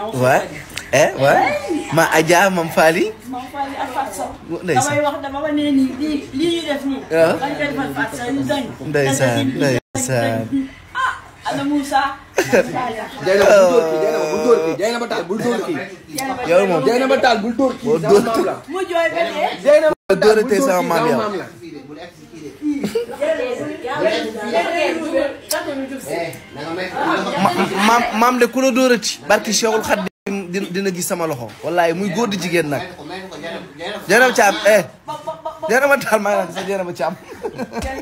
What? eh wa eh. ma Adja Mame Faly. Mame Faly ak Fatou Sow. ndeysaan wax dama ma nee nii lii ñu def dañ koy ah ana Moussa. Jaynaba bul dóor kii yow moom Jaynaba Tall bul dóor kii. boo dóor mu jooy ba maam maam de ku la dóorati barki Cheikhul Khadim dina gis sama loxo wallaay muy góor di jigéen nag jërëm caam eh jërëma taal maa ngi sa jërëma caam